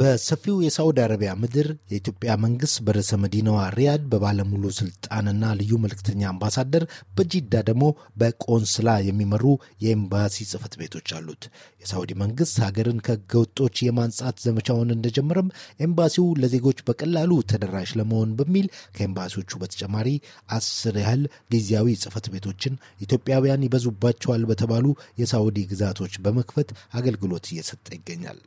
በሰፊው የሳዑዲ አረቢያ ምድር የኢትዮጵያ መንግስት በርዕሰ መዲናዋ ሪያድ በባለሙሉ ስልጣንና ልዩ መልክተኛ አምባሳደር፣ በጂዳ ደግሞ በቆንስላ የሚመሩ የኤምባሲ ጽህፈት ቤቶች አሉት። የሳዑዲ መንግስት ሀገርን ከህገወጦች የማንጻት ዘመቻውን እንደጀመረም ኤምባሲው ለዜጎች በቀላሉ ተደራሽ ለመሆን በሚል ከኤምባሲዎቹ በተጨማሪ አስር ያህል ጊዜያዊ ጽህፈት ቤቶችን ኢትዮጵያውያን ይበዙባቸዋል በተባሉ የሳዑዲ ግዛቶች በመክፈት አገልግሎት እየሰጠ ይገኛል።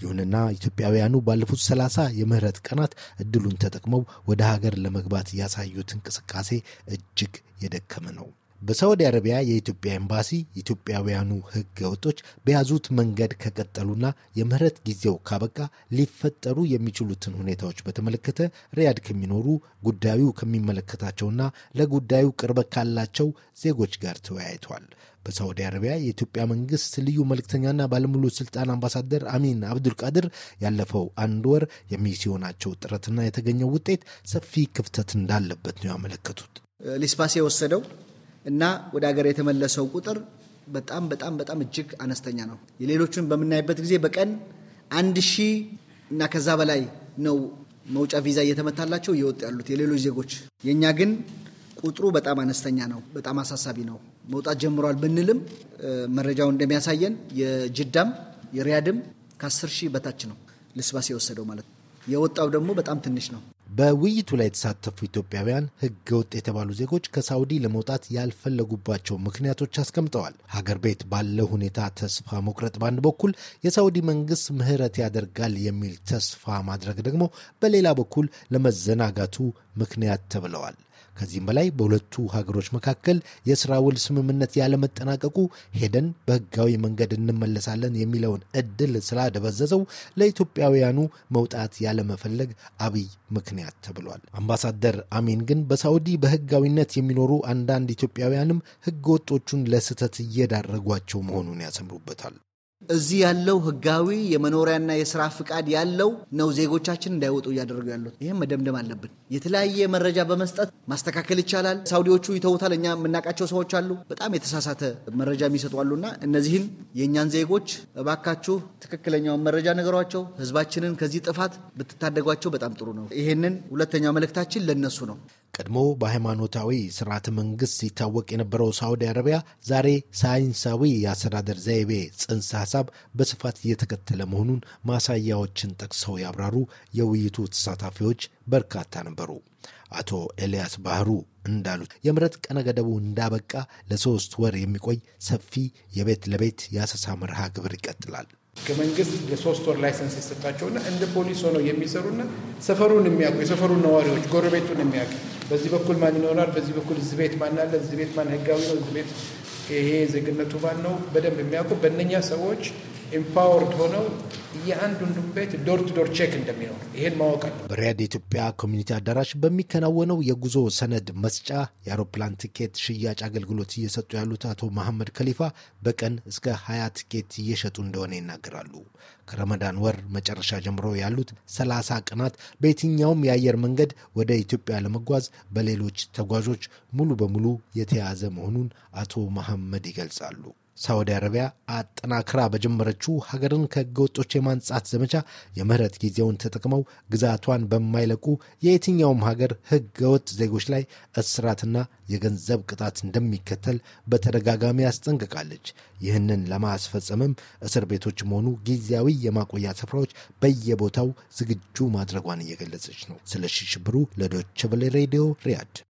ይሁንና ኢትዮጵያውያኑ ባለፉት ሰላሳ የምህረት ቀናት እድሉን ተጠቅመው ወደ ሀገር ለመግባት ያሳዩት እንቅስቃሴ እጅግ የደከመ ነው። በሳዑዲ አረቢያ የኢትዮጵያ ኤምባሲ ኢትዮጵያውያኑ ሕገ ወጦች በያዙት መንገድ ከቀጠሉና የምህረት ጊዜው ካበቃ ሊፈጠሩ የሚችሉትን ሁኔታዎች በተመለከተ ሪያድ ከሚኖሩ ጉዳዩ ከሚመለከታቸውና ለጉዳዩ ቅርበት ካላቸው ዜጎች ጋር ተወያይቷል። በሳዑዲ አረቢያ የኢትዮጵያ መንግስት ልዩ መልክተኛና ባለሙሉ ስልጣን አምባሳደር አሚን አብዱልቃድር ያለፈው አንድ ወር የሚስዮናቸው ጥረትና የተገኘው ውጤት ሰፊ ክፍተት እንዳለበት ነው ያመለከቱት። ሊስፓስ የወሰደው እና ወደ ሀገር የተመለሰው ቁጥር በጣም በጣም በጣም እጅግ አነስተኛ ነው። የሌሎቹን በምናይበት ጊዜ በቀን አንድ ሺህ እና ከዛ በላይ ነው መውጫ ቪዛ እየተመታላቸው እየወጡ ያሉት የሌሎች ዜጎች። የእኛ ግን ቁጥሩ በጣም አነስተኛ ነው። በጣም አሳሳቢ ነው። መውጣት ጀምሯል ብንልም መረጃው እንደሚያሳየን የጅዳም የሪያድም ከአስር ሺህ በታች ነው ልስባስ የወሰደው ማለት ነው። የወጣው ደግሞ በጣም ትንሽ ነው። በውይይቱ ላይ የተሳተፉ ኢትዮጵያውያን ህገ ወጥ የተባሉ ዜጎች ከሳውዲ ለመውጣት ያልፈለጉባቸው ምክንያቶች አስቀምጠዋል። ሀገር ቤት ባለው ሁኔታ ተስፋ መቁረጥ በአንድ በኩል፣ የሳውዲ መንግስት ምህረት ያደርጋል የሚል ተስፋ ማድረግ ደግሞ በሌላ በኩል ለመዘናጋቱ ምክንያት ተብለዋል። ከዚህም በላይ በሁለቱ ሀገሮች መካከል የስራ ውል ስምምነት ያለመጠናቀቁ ሄደን በህጋዊ መንገድ እንመለሳለን የሚለውን እድል ስላደበዘዘው ለኢትዮጵያውያኑ መውጣት ያለመፈለግ አብይ ምክንያት ተብሏል። አምባሳደር አሚን ግን በሳውዲ በህጋዊነት የሚኖሩ አንዳንድ ኢትዮጵያውያንም ህገ ወጦቹን ለስህተት እየዳረጓቸው መሆኑን ያሰምሩበታል። እዚህ ያለው ህጋዊ የመኖሪያና የስራ ፍቃድ ያለው ነው ዜጎቻችን እንዳይወጡ እያደረጉ ያሉት። ይህም መደምደም አለብን። የተለያየ መረጃ በመስጠት ማስተካከል ይቻላል። ሳውዲዎቹ ይተውታል። እኛ የምናውቃቸው ሰዎች አሉ፣ በጣም የተሳሳተ መረጃ የሚሰጡ አሉና እነዚህን የእኛን ዜጎች እባካችሁ ትክክለኛውን መረጃ ነገሯቸው። ህዝባችንን ከዚህ ጥፋት ብትታደጓቸው በጣም ጥሩ ነው። ይህንን ሁለተኛው መልእክታችን ለነሱ ነው። ቀድሞ በሃይማኖታዊ ስርዓተ መንግስት ሲታወቅ የነበረው ሳዑዲ አረቢያ ዛሬ ሳይንሳዊ የአስተዳደር ዘይቤ ጽንሰ ሀሳብ በስፋት እየተከተለ መሆኑን ማሳያዎችን ጠቅሰው ያብራሩ የውይይቱ ተሳታፊዎች በርካታ ነበሩ። አቶ ኤልያስ ባህሩ እንዳሉት የምረት ቀነ ገደቡ እንዳበቃ ለሶስት ወር የሚቆይ ሰፊ የቤት ለቤት የአሰሳ መርሃ ግብር ይቀጥላል። ከመንግስት ለሶስት ወር ላይሰንስ የሰጣቸውና እንደ ፖሊስ ሆነው የሚሰሩና ሰፈሩን የሚያውቁ የሰፈሩን ነዋሪዎች ጎረቤቱን የሚያውቁ በዚህ በኩል ማን ይኖራል፣ በዚህ በኩል እዚህ ቤት ማን አለ፣ እዚህ ቤት ማን ህጋዊ ነው፣ እዚህ ቤት ይሄ ዜግነቱ ማን ነው፣ በደንብ የሚያውቁ በእነኛ ሰዎች ኢምፓወርድ ሆነው የአንዱንዱን ቤት ዶር ቱ ዶር ቼክ እንደሚኖር ይህን ማወቅ አለ። በሪያድ ኢትዮጵያ ኮሚኒቲ አዳራሽ በሚከናወነው የጉዞ ሰነድ መስጫ የአውሮፕላን ትኬት ሽያጭ አገልግሎት እየሰጡ ያሉት አቶ መሐመድ ከሊፋ በቀን እስከ ሀያ ትኬት እየሸጡ እንደሆነ ይናገራሉ። ከረመዳን ወር መጨረሻ ጀምሮ ያሉት ሰላሳ ቀናት በየትኛውም የአየር መንገድ ወደ ኢትዮጵያ ለመጓዝ በሌሎች ተጓዦች ሙሉ በሙሉ የተያዘ መሆኑን አቶ መሐመድ ይገልጻሉ። ሳውዲ አረቢያ አጠናክራ በጀመረችው ሀገርን ከህገወጦች የማንጻት ዘመቻ የምህረት ጊዜውን ተጠቅመው ግዛቷን በማይለቁ የየትኛውም ሀገር ህገወጥ ዜጎች ላይ እስራትና የገንዘብ ቅጣት እንደሚከተል በተደጋጋሚ አስጠንቅቃለች። ይህንን ለማስፈጸምም እስር ቤቶችም ሆኑ ጊዜያዊ የማቆያ ስፍራዎች በየቦታው ዝግጁ ማድረጓን እየገለጸች ነው። ስለሺ ሽብሩ ሬዲዮ ሪያድ